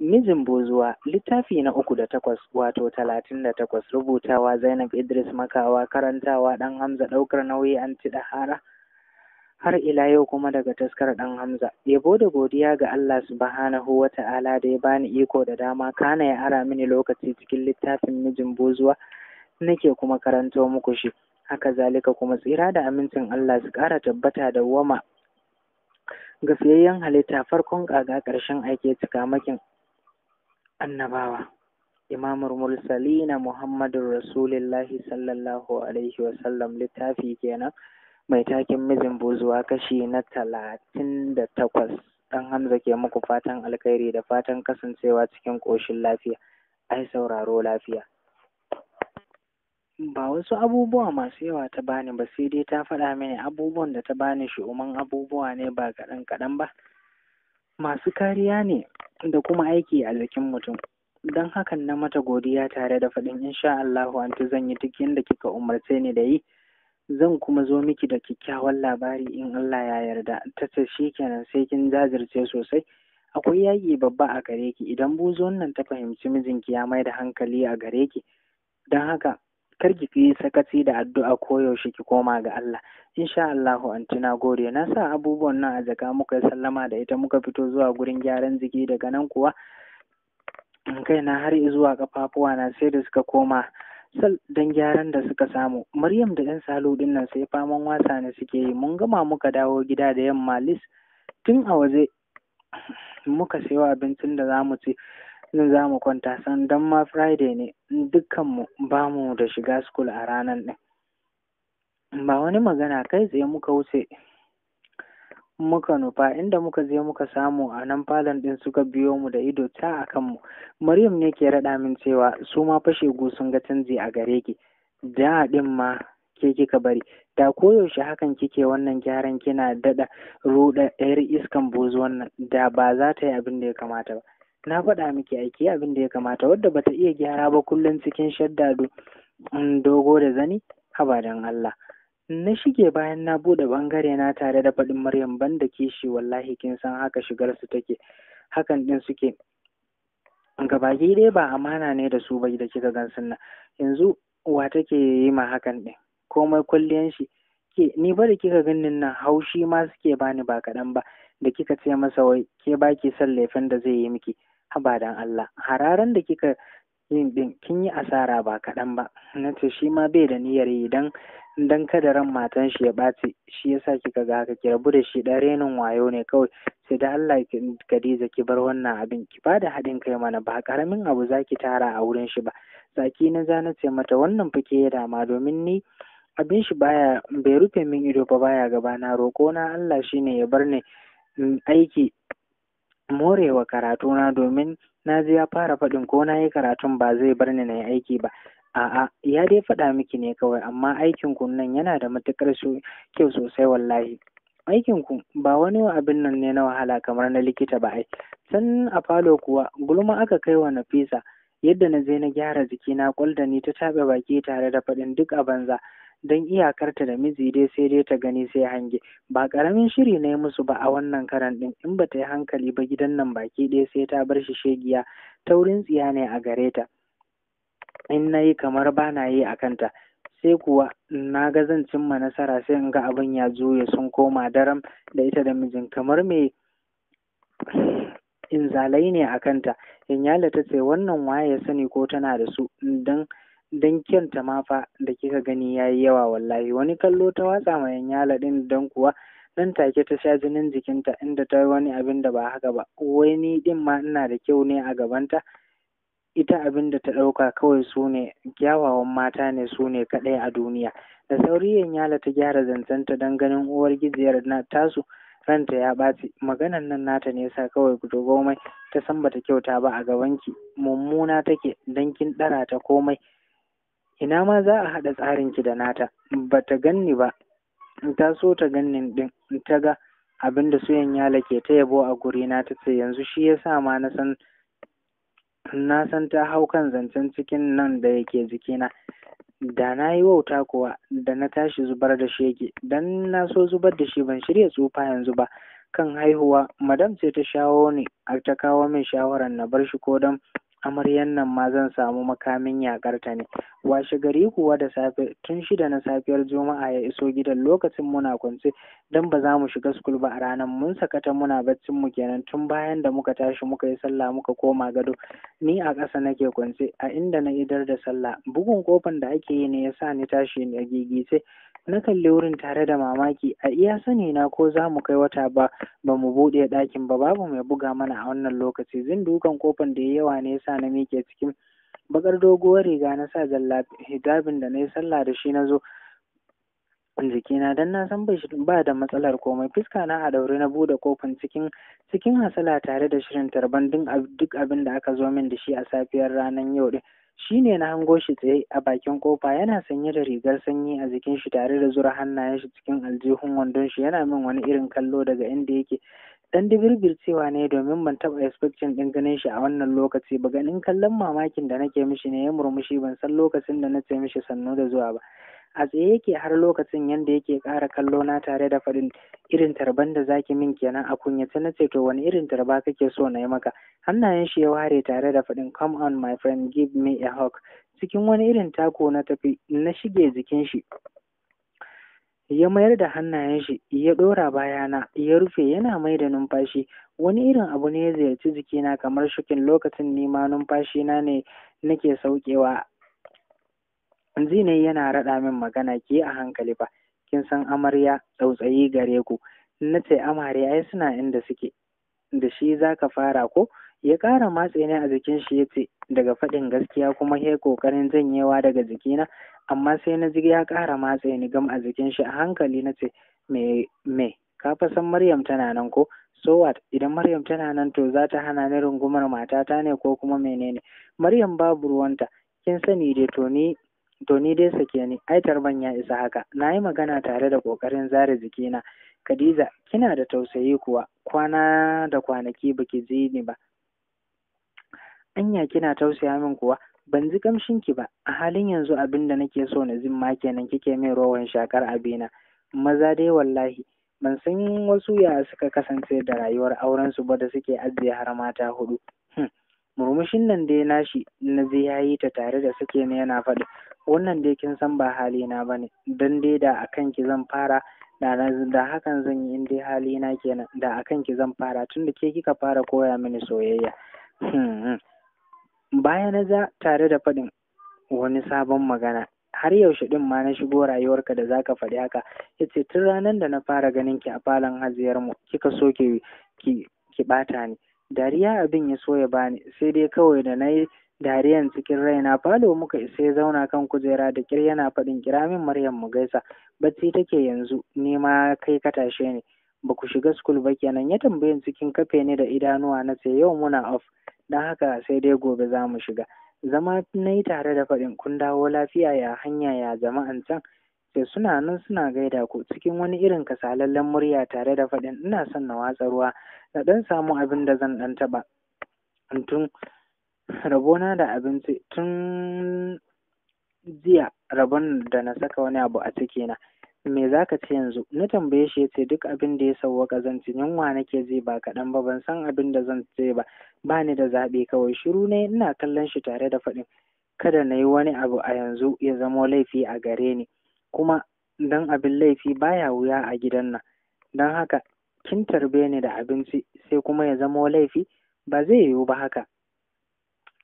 Mijin Bozuwa, littafi na uku da takwas wato talatin da takwas rubutawa Zainab Idris Makawa karantawa ɗan Hamza ɗaukar nauyi an ci da hara har ila yau kuma daga taskar ɗan Hamza. Yabo da godiya ga Allah subhanahu wa ta'ala da ya bani iko da dama kana ya ara mini lokaci cikin littafin mijin bozuwa nake kuma karanto muku shi. Haka zalika kuma tsira da amincin Allah su ƙara tabbata da wama gafiyayyen halitta farkon ƙaga ƙarshen aike cikamakin annabawa imamul mursalina muhammadun rasulillahi sallallahu alaihi wasallam littafi kenan mai takin mijin buzuwa kashi na talatin da takwas ɗan hamza ke muku fatan alkhairi da fatan kasancewa cikin ƙoshin lafiya ai sauraro lafiya ba wasu abubuwa masu yawa ta bani ba sai dai ta faɗa mini abubuwan da ta bani shi umman abubuwa ne ba kaɗan kaɗan ba masu kariya ne da kuma aiki a jikin mutum. Don hakan na mata godiya tare da faɗin insha Allahu anti zan yi duk yadda kika umarce ni da yi. Zan kuma zo miki da kyakkyawan labari in Allah ya yarda. Ta ce shi kenan sai kin jajirce sosai. Akwai yaƙi babba a gare ki idan buzon nan ta fahimci mijinki ya mai da hankali a gare ki. Don haka kar ki fi sakaci da addu'a ko yaushe ki koma ga Allah insha Allah anti na gode na sa abubuwan nan a jaka muka yi sallama da ita muka fito zuwa gurin gyaran jiki daga nan kuwa kai na har zuwa kafafuwa na sai da suka koma sal dan gyaran da suka samu Maryam da ɗan Salo din nan sai faman wasa ne suke yi mun gama muka dawo gida da yamma Lis tun a waje muka sayo abincin da za mu ci nan za mu kwanta san don ma friday ne dukkanmu ba mu da shiga school a ranar ɗin ba wani magana kai tsaye muka wuce muka nufa inda muka je muka samu a nan falon ɗin suka biyo mu da ido ta a kanmu maryam ne ke raɗa min cewa su ma fashe sun ga canji a gare ki da ɗin ma ke kika bari da koyaushe hakan kike wannan gyaran kina daɗa ruɗa 'yar iskan bozuwan nan da ba za ta yi abin da ya kamata ba na faɗa miki aiki abin da ya kamata wadda bata iya gyara ba kullum cikin shadda mm, dogo da zani dan Allah na shige bayan na buɗe bangare na tare da faɗin Maryam banda kishi wallahi kin san haka shigar su take hakan din suke Gaba dai ba amana ne da su bai da kika gan nan. yanzu wa take yi ma hakan din komai kulliyan shi ke ni ba da kika ganin nan haushi ma suke bani ba kaɗan ba da kika ce masa wai ke baki son laifin da zai yi miki abadan Allah hararan da kika yin din kin yi asara ba kaɗan ba na ce shi ma bai da niyyar yi dan dan kada ran matan shi ya ɓaci shi yasa kika ga haka ki rabu da shi dan renin wayo ne kawai sai da Allah Khadija ki bar wannan abin ki bada haɗin kai mana ba karamin abu zaki tara a wurin shi ba Zaki na za na ce mata wannan fike ya dama domin ni abin shi baya bai rufe min ido ba baya gaba na roƙo na Allah shine ya bar ni aiki morewa karatuna domin na ji ya fara faɗin ko na yi karatun ba zai bar ni na yi aiki ba a'a ya dai faɗa miki ne kawai amma aikin ku nan yana da matuƙar kyau sosai wallahi aikin ku ba wani abin nan ne na wahala kamar na likita ba ai san a falo kuwa gulma aka kai wa nafisa yadda na je na gyara jikina kwal da ni ta taɓe baki tare da faɗin duk a banza don iyakarta da miji dai sai dai ta gani sai hange ba ƙaramin shiri na yi musu ba a wannan karan ɗin in ba ta yi hankali ba gidan nan baki ɗaya sai ta bar shi shegiya taurin tsiya ne a gare ta in na yi kamar ba na yi a kanta sai kuwa na ga zan cimma nasara sai in ga abin ya ya sun koma daram da ita da mijin kamar me in zalai ne a kanta inyala ta ce wannan waye ya sani ko tana da su don don kyanta ma fa da kika gani ya yi yawa wallahi wani kallo ta watsa ma yanyala ɗin don kuwa nan take ta sha jinin jikinta inda ta yi wani abin da ba haka ba wani din ma ina da kyau ne a gabanta ita abin da ta ɗauka kawai su ne kyawawan mata ne su ne kaɗai a duniya da sauri yanyala ta gyara zancenta don ganin uwar gijiyar na tasu ranta ya ɓaci maganan nan nata ne yasa kawai gudu komai ta san bata kyauta ba a gabanki mummuna take dan kin ɗara ta komai ina ma za a haɗa ki da nata ba ta ganni ba ta so ta ganni din ta ga abin da suyan yala ke ta yabo a gurina ta ce yanzu shi ya sa ma na san na san ta hau kan zancen cikin nan da yake jikina da na yi wauta kuwa da na tashi zubar da shi yake dan na so zubar da shi ban shirya tsufa yanzu ba kan haihuwa madam ce ta shawo ne a ta kawo min shawarar na bar shi ko dan amaryan nan ma zan samu makamin yakar ta ne washe gari kuwa da safe tun shida na safiyar juma'a ya iso gidan lokacin muna kwance dan ba za mu shiga school ba a ranar mun sakata muna baccin mu kenan tun bayan da muka tashi muka yi sallah muka koma gado ni a ƙasa nake kwance a inda na idar da sallah bugun kofan da ake yi ne ya sa ni tashi a gigice na kalli wurin tare da mamaki a iya sani na ko za mu kai wata ba ba mu buɗe ɗakin ba babu mai buga mana a wannan lokaci zin dukan kofan da ya yawa ne ya sa na miƙe cikin bakar doguwar riga na sa zalla hijabin da na yi sallah da shi na zo jikina don na san ba da matsalar komai fuska na a daure na bude kofin cikin cikin hasala tare da shirin tarban duk abin da aka zo min da shi a safiyar ranar yau din ne na hango shi tsaye a bakin kofa yana sanye da rigar sanyi a jikin shi tare da zura hannayen shi cikin aljihun wandon shi yana min wani irin kallo daga inda yake dan cewa ne domin ban taɓa expecting ɗin ganin shi a wannan lokaci ba ganin kallon mamakin da nake mishi ne ya murmushi ban san lokacin da na ce mishi sannu da zuwa ba a tsaye yake har lokacin yanda yake ƙara kallo na tare da faɗin irin tarban da zaki min kenan a kunya na ce to wani irin tarba kake so na yi maka hannayen shi ya ware tare da faɗin come on my friend give me a hug cikin wani irin tako na tafi na shige jikin shi ya mayar da hannayen shi ya ɗora bayana ya rufe yana mai da numfashi wani irin abu ne ya ziyarci jikina kamar shukin lokacin nima numfashi na ne nake saukewa zinai yana raɗa min magana ki a hankali ba kin san amarya tsautsayi gare ku na ce amare ai suna inda suke da shi za ka fara ko ya ƙara matse ni a jikin shi ya ce daga faɗin gaskiya kuma he ƙoƙarin janyewa daga jikina amma sai na ji ya ƙara matse ni gam a jikin shi a hankali na ce me me ka fa san Maryam tana nan ko so what idan Maryam tana nan to za ta hana ni rungumar matata ne ko kuma menene Maryam babu ruwanta kin sani dai to ni to ni dai sake ni ai tarban ya isa haka na yi magana tare da ƙoƙarin zare jikina Khadija kina da tausayi kuwa kwana da kwanaki baki ji ni ba anya kina tausaya min kuwa ban ji kamshin ki ba a halin yanzu abin da nake so na ma kenan kike min rowan shakar abina maza dai wallahi ban san wasu ya suka kasance da rayuwar auren su ba da suke ajiye har mata hudu hmm, murmushin nan dai nashi na je yayi ta tare da suke ne yana faɗi wannan dai kin san ba halina ba ne dan dai da akan ki zan fara da da hakan zan yi in hali na kenan da akan ki zan fara tunda ke kika fara koya mini soyayya hmm, hmm. baya na za tare da faɗin wani sabon magana har yaushe ɗin ma na shigo rayuwarka da zaka faɗi haka yace tun ranar da na fara ganin ki a falon haziyar mu kika so ki ki ki bata ni dariya abin ya so ya bani sai dai kawai da nayi dariyan cikin raina falo muka isa ya zauna kan kujera da kir yana faɗin kira min maryam mu gaisa bacci take yanzu ni ma kai ka tashe ni ba ku shiga skul ba kenan ya tambayin cikin kafe ne da idanuwa na ce yau muna of. don haka sai dai gobe za mu shiga zama na yi tare da faɗin kun dawo lafiya ya hanya ya jama'an can sai suna nan suna gaida ku cikin wani irin kasalallen murya tare da faɗin ina son na watsa ruwa na ɗan samu abin da zan ɗan taɓa tun rabona da abinci tun jiya rabon da na saka wani abu a cikina me za ka ci yanzu na tambaye shi ya ce duk abin da ya sauwaka zan ci yunwa nake ji ba kaɗan ba ban san abin da zan ce ba ba ni da zaɓe kawai shiru ne ina kallon shi tare da faɗin kada na yi wani abu a yanzu ya zamo laifi a gare ni kuma don abin laifi baya wuya a gidan nan don haka kin tarbe ni da abinci sai kuma ya zamo laifi ba zai yiwu ba haka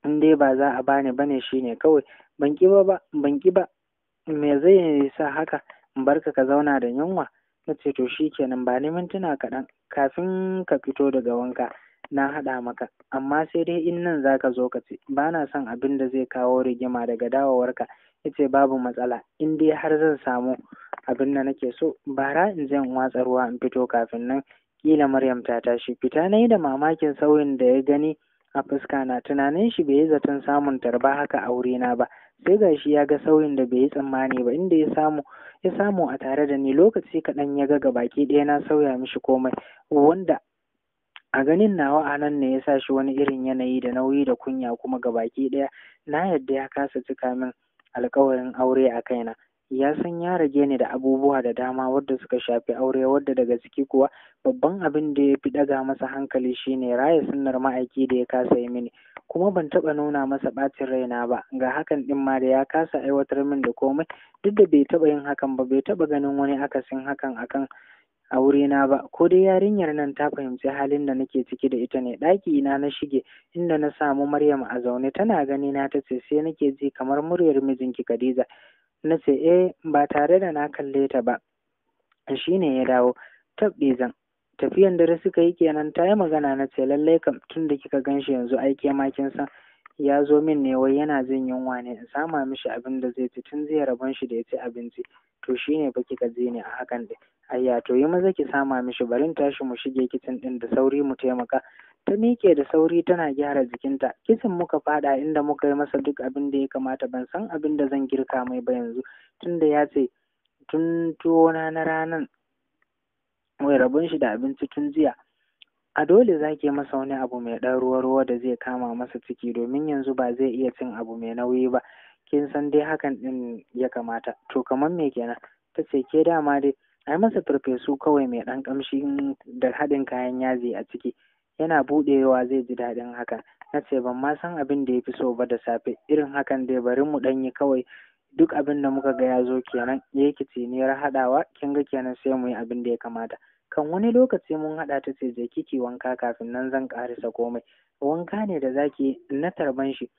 in dai ba za a bani bane shine kawai ban ki ba ban ki ba me zai sa haka barka ka zauna da yunwa na ce to shi kenan ba ni mintuna kaɗan kafin ka fito daga wanka na haɗa maka amma sai dai in nan za ka zo ka ce ba na son abin da zai kawo rigima daga dawowarka ya ce babu matsala in dai har zan samu abin da nake so bara in zan in watsa ruwa in fito kafin nan Ƙila maryam ta tashi fita na yi da mamakin sauyin da ya gani a fuska na tunanin shi bai yi zaton samun tarba haka a wurina ba sai gashi ya ga sauyin da bai yi tsammani ba inda ya samu ya samu a tare da ni lokaci kaɗan ya ga baki ɗaya na sauya mishi komai wanda a ganin nawa a nan ne ya sa shi wani irin yanayi da nauyi da kunya kuma gabaki ɗaya na yadda ya kasa cika min alkawarin aure a kaina ya san ya rage ni da abubuwa da dama wadda suka shafi aure wadda daga ciki kuwa babban abin da ya fi ɗaga masa hankali shine raya sunnar ma'aiki da ya kasa yi mini kuma ban taɓa nuna masa ɓacin raina ba ga hakan ɗin ma da ya kasa aiwatar min da komai duk da bai taɓa yin hakan ba bai taɓa ganin wani akasin hakan akan a wurina ba ko dai yarinyar nan ta fahimci halin da nake ciki da ita ne ɗaki ina na shige inda na samu Maryam a zaune tana gani na ta ce sai nake ji kamar muryar mijinki Khadija na ce eh ba tare da na kalle ta ba shine ya dawo Tabbe, zan tafiyan dare suka yi kenan ta yi magana na ce lallai kam tun da kika gan shi yanzu aike makin kin san ya zo min ne wai yana jin yunwa ne in sama mishi abin da zai ci tun zai rabon shi da ya ci abinci to shine ne kika je ne a hakan da ayya to yi maza ki sama mishi barin tashi mu shige kicin din da sauri mu taimaka ta miƙe da sauri tana gyara jikinta kicin muka fada inda muka yi masa duk abin da ya kamata ban san abin da zan girka mai ba yanzu tunda ya ce tun tuwona na ranan mai rabon shi da abinci tun jiya a dole zaki masa wani abu mai ɗan ruwa-ruwa da zai kama masa ciki domin yanzu ba zai iya cin abu mai nauyi ba kin san dai hakan din ya kamata to kamar me kenan ta ce ke dama dai ai masa farfesu kawai mai ɗan ƙamshi da haɗin kayan yaji a ciki yana buɗewa zai ji daɗin hakan na ce ban ma san abin da ya fi so ba da safe irin hakan dai bari mu ɗanyi kawai duk abin da muka ga ya zo kenan ya yi kiciniyar haɗawa kin ga kenan sai mu yi abin da ya kamata kan wani lokaci mun haɗa ta ce je kiki wanka kafin nan zan ƙarisa komai wanka ne da zaki na tarban shi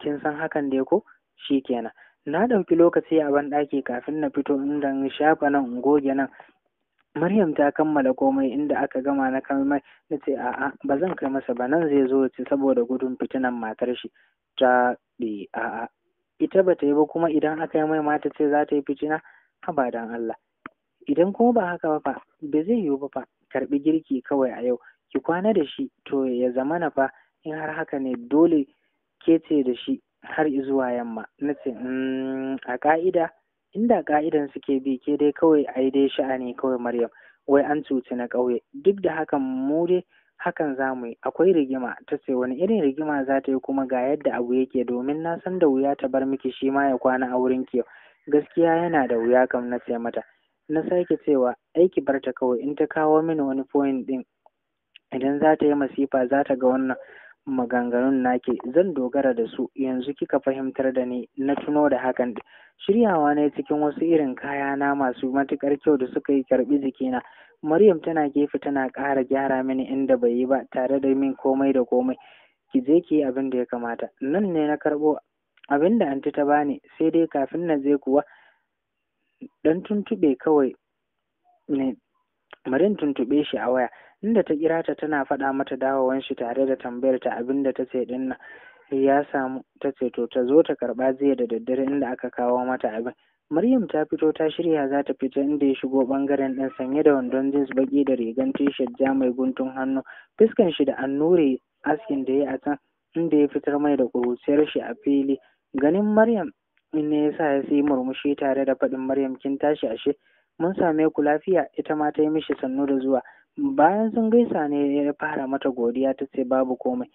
kin san hakan dai ko shi kenan na ɗauki lokaci a banɗaki kafin na fito inda in shafa nan in goge nan Maryam ta kammala komai inda aka gama na mai, na ce a'a ba zan kai masa ba nan zai zo ya ci saboda gudun fitinan matar shi ta ɗi a'a ita ba ta yi ba kuma idan aka yi mai mata ce za ta yi fitina haba dan Allah idan kuma ba haka ba fa ba zai yiwu ba fa karɓi girki kawai a yau ki kwana da shi to ya zamana fa in har haka ne dole ke ce da shi har zuwa yamma na ce hmm, a ƙa'ida inda ƙa'idan suke bi ke dai kawai ai dai sha'ani kawai maryam wai an cuci na ƙauye duk da hakan mu dai hakan za mu yi akwai rigima ta ce wani irin rigima za ta yi kuma ga yadda abu yake domin na san da wuya ta bar miki shi ma ya kwana a wurin ki gaskiya yana da wuya kam na ce mata Na sake cewa, aiki barta kawai in ta kawo mini wani point ɗin idan za ta yi masifa za ta ga wannan maganganun nake, zan dogara da su yanzu kika fahimtar da ni na tuno da hakan shiryawa ne cikin wasu irin kaya na masu matukar kyau da suka yi karbi jikina Maryam tana gefe tana ƙara gyara mini inda bai yi ba tare da min komai da komai ki je ki yi abin da ya kamata nan ne na karbo abin da anti ta bani sai dai kafin na je kuwa ɗan tuntuɓe kawai ne Marin tuntuɓe shi a waya inda ta kira ta tana faɗa mata dawowan shi tare da tambayar ta abin da ta ce din ya samu ta ce to ta zo ta karɓa jiya da daddare inda aka kawo mata abin Maryam ta fito ta shirya za ta fita inda ya shigo bangaren ɗin sanye da wandon jeans baki da rigan t-shirt ja mai guntun hannu fuskan shi da annure askin da ya a can inda ya fitar mai da kuruciyar shi a fili ganin Maryam in ne yasa ya sai murmushi tare da faɗin Maryam kin tashi ashe mun same ku lafiya ita ma ta yi mishi sannu da zuwa bayan sun gaisa ne ya fara mata godiya ta ce babu komai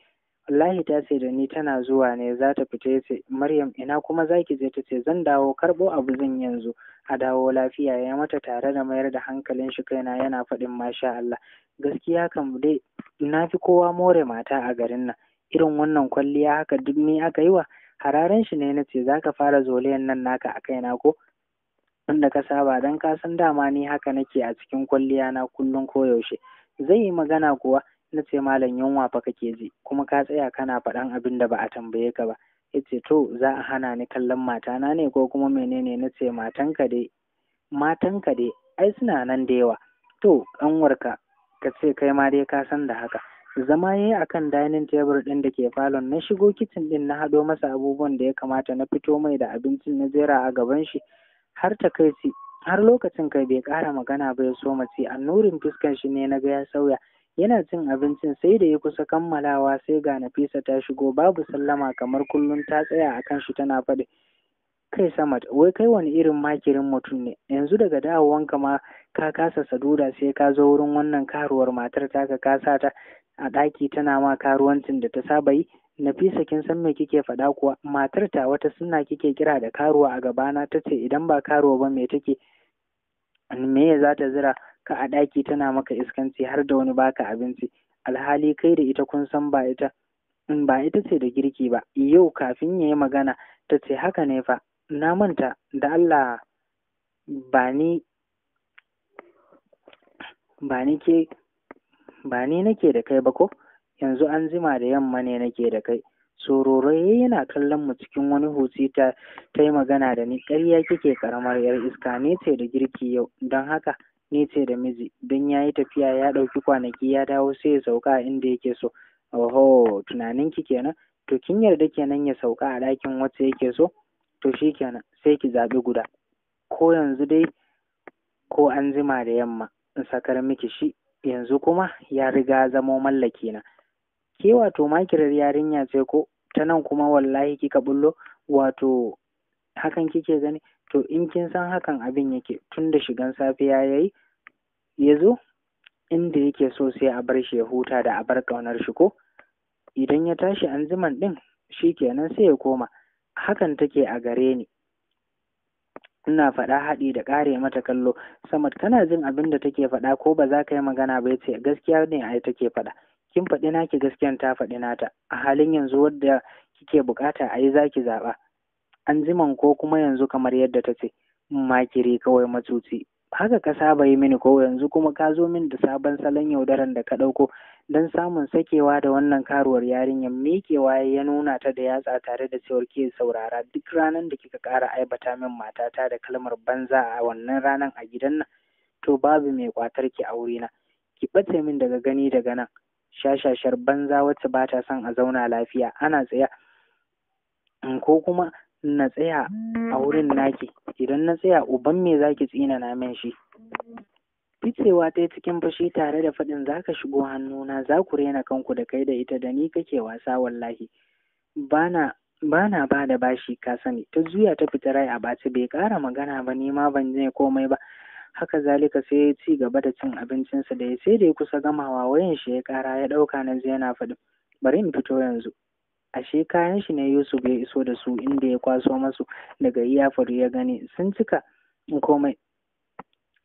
wallahi ta ce da ni tana zuwa ne za ta fita ya ce Maryam ina kuma zaki je ta ce zan dawo karɓo abu zan yanzu a dawo lafiya ya mata tare da mayar da hankalin shi kaina yana faɗin masha Allah gaskiya kam dai na fi kowa more mata a garin nan irin wannan kwalliya haka duk ni aka yi wa hararen shi ne na ce za ka fara zoliyan nan naka a kaina ko da ka saba don ka san dama ni haka nake a cikin kwalliya na kullum koyaushe zai yi magana kuwa na ce malam yunwa fa kake ji kuma ka tsaya kana faɗan abin da ba a tambaye ka ba ya ce to za a hana ni kallon matana ne ko kuma menene na ce matanka dai dai ai suna nan da yawa to ƙanwarka ka ce kai ma dai ka san da haka zama ya yi a kan dining table ɗin da ke falon na shigo kicin ɗin na haɗo masa abubuwan da ya kamata na fito mai da abincin na jera a gaban shi har ta kai har lokacin kai bai kara magana ba ya so mace annurin fuskan shi ne na ga ya sauya yana cin abincin sai da ya kusa kammalawa sai ga Nafisa ta shigo babu sallama kamar kullum ta tsaya a kan shi tana faɗi kai Samad wai kai wani irin makirin mutum ne yanzu daga dawowanka ma ka kasa saduda sai ka zo wurin wannan karuwar matar ta ka kasa ta a ɗaki tana ma karuwancin da ta saba yi Nafisa kin san me kike faɗa kuwa matar ta wata suna kike kira da karuwa a gabana ta ce idan ba karuwa ba me take me za ta zira ka a ɗaki tana maka iskanci har da wani baka abinci alhali kai da ita kun san ba ita ba ita ce da girki ba yau kafin ya yi magana ta ce haka ne fa na manta da Allah ba ni ba ni ke ba ni nake da kai ba ko yanzu an zima da yamma ne nake da kai sororai yana kallon mu cikin wani hutsi ta ta yi magana da ni ƙarya kike karamar yar iska Ni ce da girki yau don haka ni ce da miji don ya yi tafiya ya ɗauki kwanaki ya dawo sai ya sauka a inda yake so oho tunanin ki kenan to kin yarda kenan ya sauka a ɗakin wacce yake so to shi kenan sai ki zaɓi guda ko yanzu dai ko an zima da yamma in sakar miki shi yanzu kuma ya riga zamo mallaki na ke wato makirar yarinya ce ko ta nan kuma wallahi kika bullo wato hakan kike gani to in kin san hakan abin yake tun da shigan safiya yayi ya zo inda yake so sai a bar shi ya huta da a bar ƙaunar shi ko idan ya tashi an anziman ɗin shi kenan sai ya koma hakan take a gare ni ina faɗa haɗi da ƙare mata kallo samad kana jin abin da take faɗa ko ba za ka yi magana ba ce gaskiya ne ai take faɗa kin faɗi naki gaskiyan ta faɗi nata a halin yanzu wadda kike bukata a yi za ki zaɓa an ko kuma yanzu kamar yadda ta ce makiri kawai matuci haka ka saba yi mini ko yanzu kuma ka zo min da sabon salon yaudaran da ka ɗauko don samun sakewa da wannan karuwar yarinyar miƙewa ya nuna ta da yatsa tare da cewar ke saurara duk ranar da kika ƙara aibata min matata da kalmar banza a wannan ranar a gidan nan to babu mai ƙwatar ki aure na ki ɓace min daga gani daga nan shashashar banza wacce ba ta son a zauna lafiya ana tsaya ko kuma na tsaya a wurin naki idan na tsaya uban me za ki tsina na min shi ficewa ta cikin fushi tare da faɗin za ka shigo hannuna za ku rena kanku da kai da ita da ni kake wasa wallahi bana bana ba da bashi ka sani ta juya ta fita rai a baci bai ƙara magana ba ni ma ban je komai ba haka zalika sai ya ci gaba da cin abincinsa da ya sai da ya kusa gamawa wayan shi ya ƙara ya ɗauka na je yana faɗin bari in fito yanzu ashe kayan shi ne Yusuf ya iso da su inda ya kwaso masu daga faru ya gani sun cika komai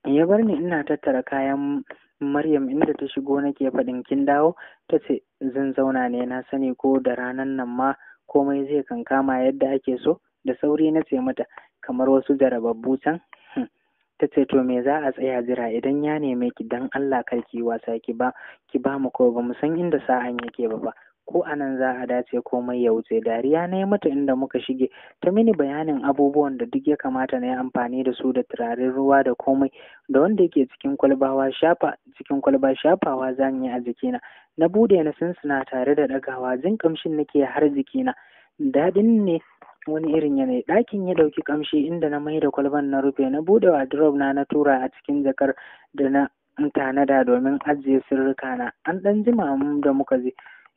ya bar ni ina tattara kayan Maryam inda ta shigo nake faɗin kin dawo ta ce zan zauna ne na sani ko da ranan nan ma komai zai kankama yadda ake so da sauri na ce mata kamar wasu jarababbu can hmm. ta ce to me za a tsaya jira idan ya neme ki dan Allah kar ki wasa ki ba ki ba mu ko ba mu san inda sa'an yake ba ba ko a nan za a dace komai ya wuce dariya na yi mata inda muka shige ta mini bayanin abubuwan da duk ya kamata na yi amfani da su da turaren ruwa da komai da wanda yake cikin kwalba shafawa zan yi a jikina na bude na sinsina tare da dagawa jin kamshin nake har jikina daɗin ne wani irin yanayi ɗakin ya ɗauki kamshi inda na mai da kwalban na rufe na buɗe wardrobe na na tura a cikin jakar da na tanada domin ajiye sirrika na an ɗan jima da muka je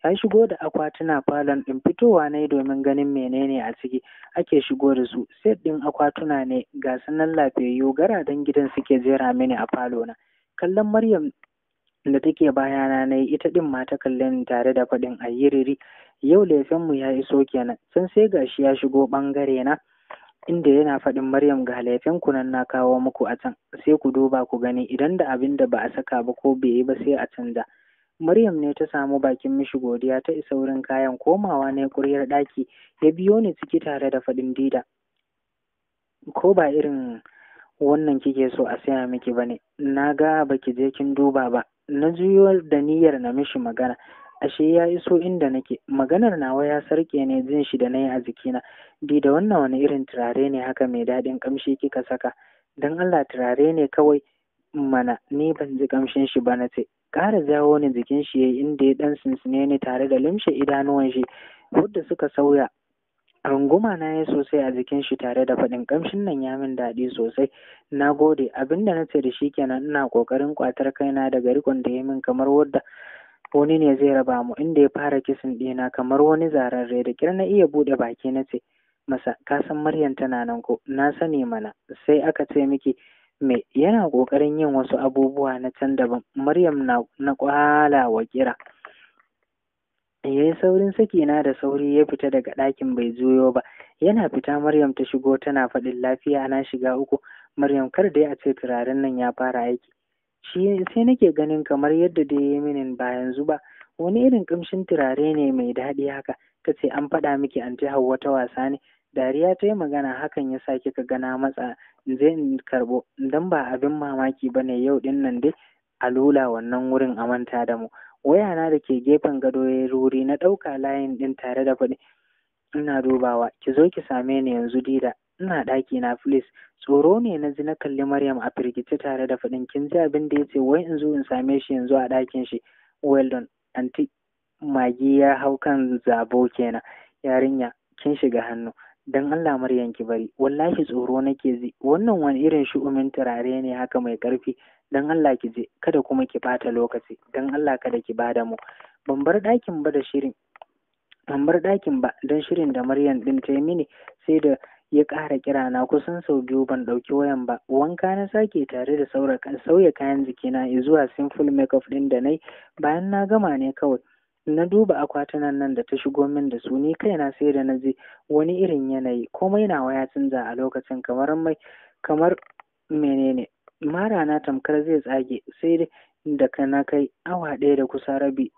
Ya shigo da akwatuna falon ɗin fitowa ne domin ganin menene a ciki ake shigo da su set ɗin akwatuna ne ga sanan lafiyayyu don gidan suke jera mini a falo na kallon maryam da take bayana na yi ita ɗin mata ta tare da faɗin ayyiriri yau mu ya iso kenan can sai gashi ya shigo ɓangare na inda yana faɗin Maryam ga laifin ku nan na kawo muku a can sai ku duba ku gani idan da abin da ba a saka ba ko bai yi ba sai a canza Maryam ne ta samu bakin mishi godiya ta isa wurin kayan komawa na kuryar ɗaki ya biyo ni ciki tare da faɗin dida. Ko ba irin wannan kike so a saya miki ba ne, na ga baki je kin duba ba, na juyo da niyyar na mishi magana. Ashe ya iso inda nake, maganar nawa ya sarƙe ne jin shi da na yi a jikina, dida wannan wani irin turare ne haka mai daɗin ƙamshi kika saka, don Allah turare ne kawai mana ni ban ji kamshin shi ba na ce ƙara jawo ni jikin shi yayi inda ya dan sinsine ni tare da limshe idanuwan shi wadda suka sauya runguma na yi sosai a jikin shi tare da faɗin kamshin nan ya min daɗi sosai na gode abin da na ce da shi kenan ina ƙoƙarin ƙwatar kaina daga rikon da ya min kamar wadda wani ne zai raba mu inda ya fara kisin ɗina kamar wani zararre da kyar na iya buɗe baki na ce masa ka san Maryam tana nan ko na sani mana sai aka ce miki yana ƙoƙarin yin wasu abubuwa na can daban maryam na na wa kira ya yi saurin saki na da sauri ya fita daga ɗakin bai juyo ba yana fita maryam ta shigo tana faɗin lafiya na shiga uku maryam kar dai a ce turaren nan ya fara aiki shi sai nake ganin kamar yadda dai ya mini ba yanzu ba wani irin ƙamshin turare ne mai daɗi haka ta ce an faɗa miki anti hauwa ta wasa ne Dariya ta yi magana hakan ya sa kika ga na matsa in je in karɓo ba abin mamaki ba ne yau ɗin nan dai a lula wannan wurin a manta da mu. Wayana da ke gefen gado ya yi ruri na ɗauka layin ɗin tare da faɗi. Ina dubawa, ki zo ki same ni yanzu dida, ina ɗaki na filis. Tsoro ne na ji na kalli Maryam a firgice tare da faɗin kin ji abin da ya ce wai in zo in same shi yanzu a ɗakin shi. Well anti magi ya hau kan zabo kenan. Yarinya, kin shiga hannu. dan Allah Maryam ki bari wallahi tsoro nake ji wannan wani irin shu'umin turare ne haka mai karfi dan Allah ki je kada kuma ki bata lokaci dan Allah kada ki bada mu ban bar ɗakin ba da shirin ban bar ɗakin ba dan shirin da Maryam din ta yi mini sai da ya ƙara kira na kusan sau biyu ban ɗauki wayan ba wanka na sake tare da sauya kayan jikina zuwa simple makeup ɗin da na bayan na gama ne kawai na duba akwatunan nan da ta shigo min da su ni kaina sai da na je wani irin yanayi komai na waya canza a lokacin kamar mai kamar menene mara na tamkar zai tsage sai da ka na kai awa ɗaya da kusa rabi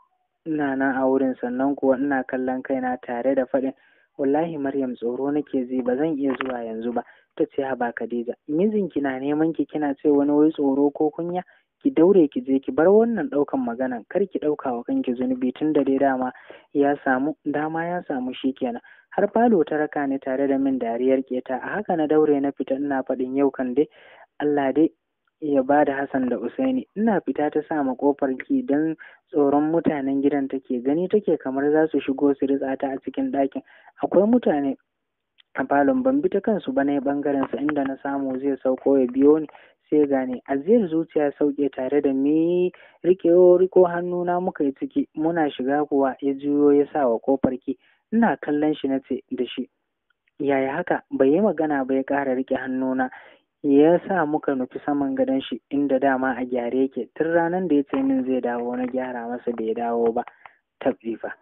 ina nan a wurin sannan kuwa ina kallon kaina tare da faɗin wallahi maryam tsoro nake ji ba zan iya zuwa yanzu ba ta ce haba khadija mijinki na neman ki kina ce wani wai tsoro ko kunya ki daure ki je ki bar wannan ɗaukan maganan kar ki ɗauka wa kanki zunubi tun da dai dama ya samu dama ya samu shikenan har falo ta raka ni tare da min dariyar keta a haka na daure na fita ina faɗin yau kan dai Allah dai ya ba da Hassan da Usaini ina fita ta sa ma kofar ki don tsoron mutanen gidan take gani take kamar za su shigo su ritsa ta a cikin ɗakin akwai mutane a falon ban bi ta kansu ba na bangaren sa inda na samu zai sauko ya biyo ni sai gane ajiyar zuciya sauke tare da mi rikewo riko hannuna muka yi ciki muna shiga kuwa ya juyo ya sa wa kofar ki ina kallon shi nace da shi yaya haka bai yi magana ba ya ƙara rike hannuna ya sa muka nufi saman gadon shi inda dama a gyare yake tun ranar da ya ce min zai dawo na gyara masa bai dawo ba tabbi fa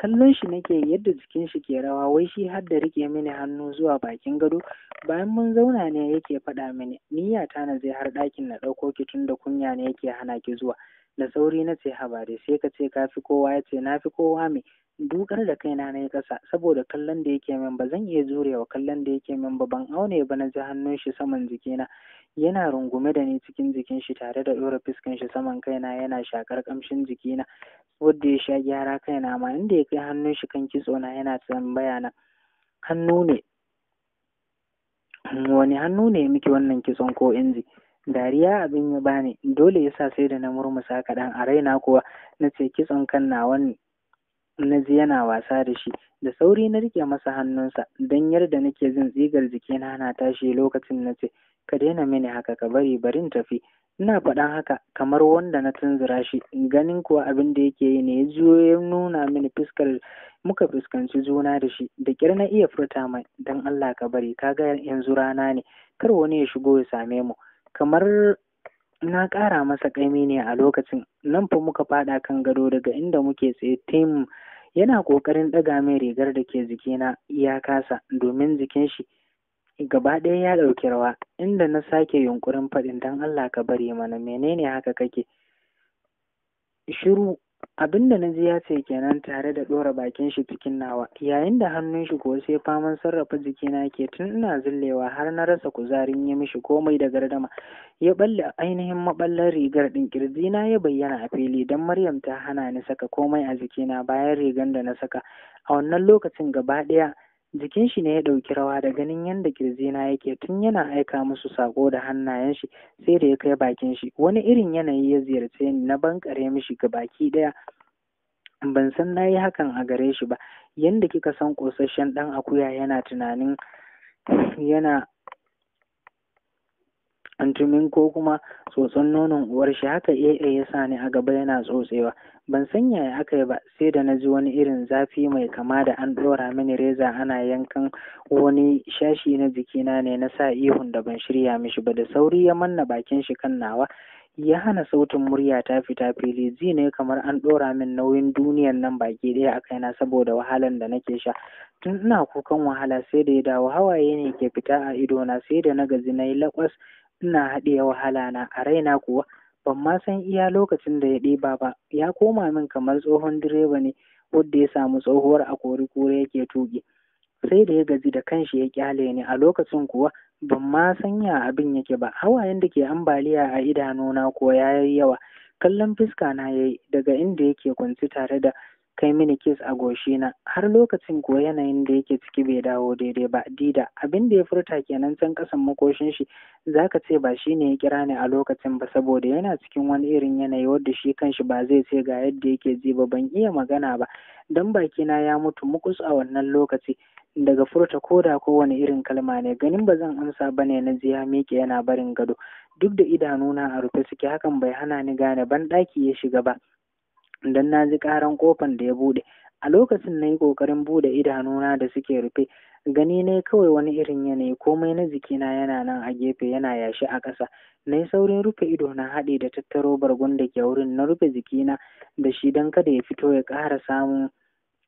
kallon shi nake yadda jikin shi ke rawa wai shi har da rike mini hannu zuwa bakin gado bayan mun zauna ne yake faɗa mini niyya ta na zai har ɗakin na ɗauko ki tun da kunya ne yake hana ki zuwa da sauri na ce haba sai ka ce ka fi kowa ya ce na fi kowa me Dukar da kaina na yi ƙasa saboda kallon da yake min ba zan iya jurewa kallon da yake min ba ban aune ba na ji hannun shi saman jikina yana rungume da ni cikin jikin shi tare da ɗora fuskan shi saman kaina yana shakar ƙamshin jikina wanda ya sha gyara kaina ma inda ya kai hannun shi kan kitso yana tambaya na hannu ne wani hannu ne miki wannan kitson ko inji dariya abin ya bani dole yasa sai da na murmusa kaɗan a raina kuwa na ce kitson kan nawa ne na ji yana wasa da shi da sauri na rike masa hannunsa don yarda nake jin tsigar jikina na tashi lokacin na ce ka daina mini haka ka bari barin tafi ina faɗan haka kamar wanda na tunzura shi ganin kuwa abin da yake yi ne ya juyo ya nuna mini fuskar muka fuskanci juna da shi da kyar na iya furta mai don Allah ka bari ka ga yanzu rana ne kar wani ya shigo ya same mu kamar na ƙara masa ƙaimi ne a lokacin nan fa muka faɗa kan gado daga inda muke tsaye tim yana ƙoƙarin ɗaga min rigar da ke jikina ya kasa domin jikin shi gaba ɗaya ya ɗauki rawa inda na sake yunƙurin faɗin don Allah ka bari mana menene haka kake shiru abin da na ji ya ce kenan tare da ɗora bakin shi cikin nawa yayin da hannun shi ko sai faman sarrafa jikina ke tun ina zillewa har na rasa kuzarin yi mishi komai da gardama ya balle ainihin maballar rigar ɗin na ya bayyana a fili don maryam ta hana ni saka komai a jikina bayan rigar da na saka a wannan lokacin gaba ɗaya jikin shi ne ya ɗauki rawa da ganin yadda kirjina yake tun yana aika musu sako da hannayen shi sai da ya kai bakin shi wani irin yanayi ya ziyarce ni na bankare mishi ga baki ɗaya ban san na yi hakan a gare shi ba yadda kika san ƙosasshen ɗan akuya yana tunanin yana antumin ko kuma tsotson nonon uwar shi haka AA ya sa ni a gaba yana tsotsewa Ban san yaya aka yi ba sai da na ji wani irin zafi mai kama da an ɗora mini reza ana yankan wani shashi na jikina ne na sa ihun da ban shirya mishi ba da sauri ya manna bakin shi kan nawa ya hana sautin murya ta fita fili ji ne kamar an ɗora min nauyin duniyan nan baki ɗaya a kaina saboda wahalan da nake sha tun ina kukan wahala sai da ya dawo hawaye ne ke fita a idona sai da na gaji na yi laƙwas ina haɗiye wahala na a raina kuwa ban ma san iya lokacin da ya ɗeba ba ya koma min kamar tsohon direba ne wadda ya samu tsohuwar a kori kore yake tuƙi sai da ya gaji da kanshi ya kyale ni a lokacin kuwa ban ma san ya abin yake ba hawayen da ke ambaliya a idanuna ko ya yawa kallon fuska na yayi daga inda yake kwance tare da kai mini kiss a goshi na. har lokacin kuwa yanayin da yake ciki bai dawo daidai ba dida abin da ya furta kenan can kasan makoshin shi zaka ce ba shine ya kira ni a lokacin ba saboda yana cikin wani irin yanayi wanda shi kanshi ba zai ce ga yadda yake ji ba ban iya magana ba dan bakina ya mutu mukus a wannan lokaci daga furta koda kowane irin kalma ne ganin ba zan amsa ba ne na ji ya miƙe yana barin gado duk da idanuna a rufe suke hakan bai hana ni gane ban ɗaki ya shiga ba Idan na ji ƙaran kofan da ya buɗe a lokacin na yi ƙoƙarin buɗe idanuna da suke rufe gani ne kawai wani irin yanayi komai na jikina yana nan a gefe yana yashi a ƙasa na yi saurin rufe ido na haɗe da tattaro bargon da ke wurin na rufe jikina da shi don kada ya fito ya ƙara samu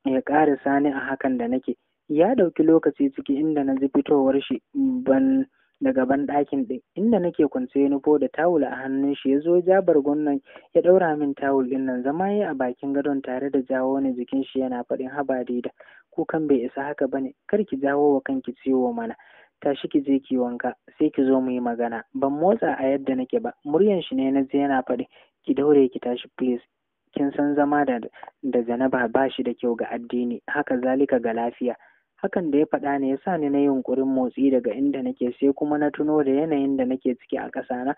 ya ƙara sani a hakan da nake ya ɗauki lokaci ciki inda na ji fitowar shi ban daga banɗakin ɗin inda nake kwance ya nufo da tawul a hannun shi ya zo ja bargon ya ɗaura min tawul ɗin nan zama ya a bakin gadon tare da jawo ni jikin shi yana faɗin haba da kukan bai isa haka ba ne? kar ki jawo wa kanki ciwo mana tashi ki je ki wanka sai ki zo mu yi magana ban motsa a yadda nake ba muryan shi ne na je yana faɗi ki daure ki tashi please kin san zama da da janaba ba shi da kyau ga addini haka zalika ga lafiya hakan da ya faɗa ne ya sa ni na yunƙurin motsi daga inda nake sai kuma na tuno da yanayin da nake ciki a ƙasa na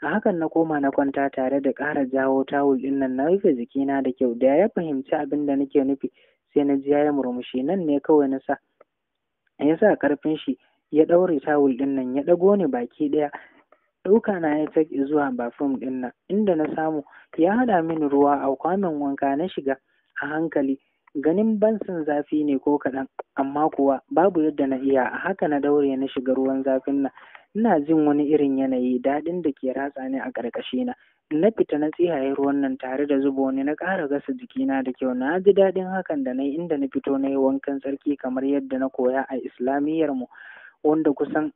a hakan na koma na kwanta tare da ƙara jawo tawul ɗin nan na rufe jikina da kyau da ya fahimci abin da nake nufi sai na ji ya murmushi nan ne kawai na sa ya sa ƙarfin shi ya ɗaure tawul ɗin nan ya ɗago ni baki ɗaya ɗauka na ya take zuwa bafum ɗin nan inda na samu ya haɗa mini ruwa a kwanon wanka na shiga a hankali ganin bansin zafi ne ko kaɗan amma kuwa babu yadda na iya a haka na daure na shiga ruwan zafin nan ina jin wani irin yanayi daɗin da ke ratsa ni a ƙarƙashi na na fita na tsihaye ruwan nan tare da zubo ne na ƙara gasa jikina da kyau na ji daɗin hakan da na yi inda na fito na yi wankan tsarki kamar yadda na koya a islamiyyar mu wanda kusan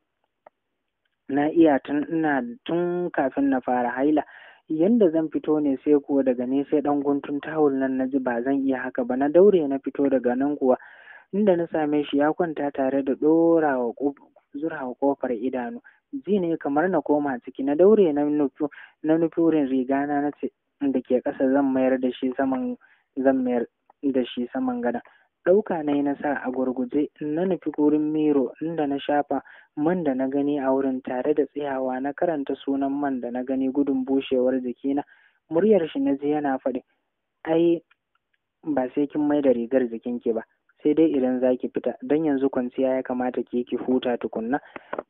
na iya tun ina tun kafin na fara haila yanda zan fito ne sai kuwa daga ne sai ɗan guntun tawul nan na ji ba zan iya haka ba na daure na fito daga nan kuwa inda na same shi ya kwanta tare da ɗorawa zurawa ƙofar idanu ji ne kamar na koma ciki na daure na nufi na nufi wurin rigana na ce da ke ƙasa zan mayar da shi saman zan mayar da shi saman gada Ɗauka na yi na a gurguje na nufi gurin miro inda na shafa man da na gani a wurin tare da tsayawa na karanta sunan man da na gani gudun bushewar jikina. Muryar shi na ji yana faɗi, ai ba sai kin mai da rigar ki ba, sai dai idan za ki fita, don yanzu kwanciya ya kamata ki yi ki huta tukunna,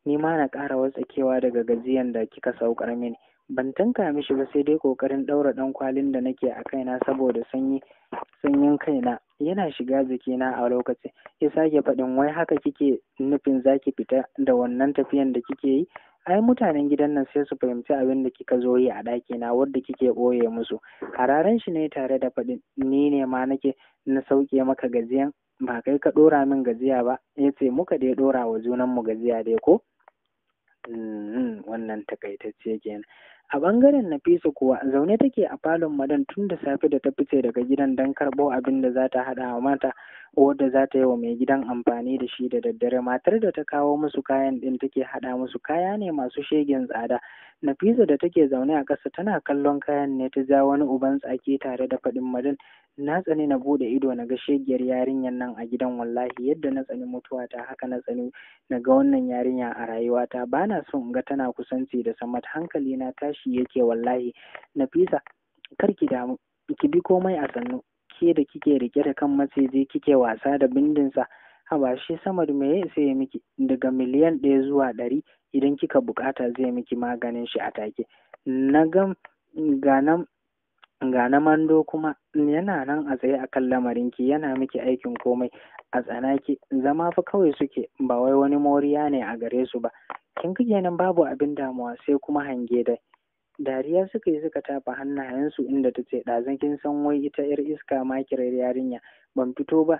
ni ma na ƙara kewa daga gajiyan da kika saukar mini. ban tanka mishi ba sai dai kokarin ɗaura ɗan kwalin da nake a kaina saboda sanyi sanyin kaina yana shiga jikina a lokaci ya sake faɗin wai haka kike nufin zaki fita da wannan tafiyan da kike yi ai mutanen gidan nan sai su fahimci abin da kika zo yi a ɗakina wadda kike ɓoye musu hararen shi ne tare da faɗin ni ne ma nake na sauke maka gajiyan ba kai ka ɗora min gajiya ba ya ce muka dai ɗora wa junanmu gajiya dai ko Mm-hmm. wannan takaitacce kenan a ɓangaren Nafisa kuwa zaune take a falon madan tun da safe da ta fice daga gidan don karɓo abin da za ta haɗa wa mata wadda za ta yi wa mai gidan amfani da shi da daddare matar da ta kawo musu kayan ɗin take haɗa musu kaya ne masu shegen tsada Nafisa da take zaune a ƙasa tana kallon kayan ne ta ja wani uban tsaki tare da faɗin madin na tsani na bude ido na ga shegiyar yarinyar nan a gidan wallahi yadda na tsani mutuwa ta haka na tsani na ga wannan yarinya a rayuwata ba na so in ga tana kusanci da samat hankali na tashi yake wallahi Nafisa kar ki damu ki bi komai a sannu ke da kike rike da kan maciji kike wasa da bindinsa ba shi samad me sai ya miki daga miliyan ɗaya zuwa ɗari idan kika buƙata zai miki maganin shi a take na gam ga na mando kuma yana nan a tsaye a lamarin lamarinki yana miki aikin komai a tsanaki zama fa kawai suke ba wai wani moriya ne a gare su ba kin ga nan babu abin damuwa sai kuma hange dai dariya suka yi suka tafa hannayensu inda ta ce ɗazan kin san wai ita yar iska makirar yarinya ban fito ba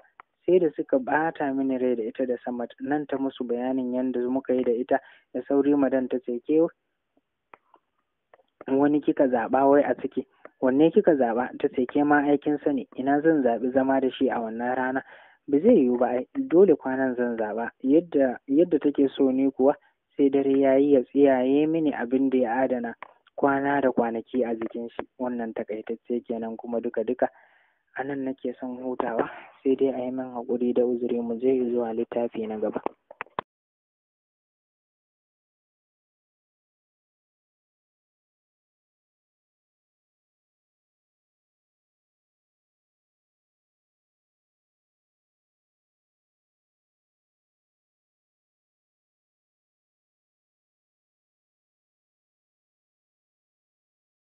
sai da suka bata mini rai da ita da samat nan ta musu bayanin yadda muka yi da ita da sauri madan ta ce ke wani kika zaɓa wai a ciki wanne kika zaba ta ce ke ma aikin sa ne, ina zan zabi zama da shi a wannan rana ba zai yiwu ba dole kwanan zan zaɓa yadda yadda take so ne kuwa sai dare ya yi ya tsiyaye mini abin da ya adana kwana da kwanaki a jikin shi wannan takaitacce kenan kuma duka duka a nan nake son hutawa sai dai a yi min haƙuri da uzuri mu je zuwa littafi na gaba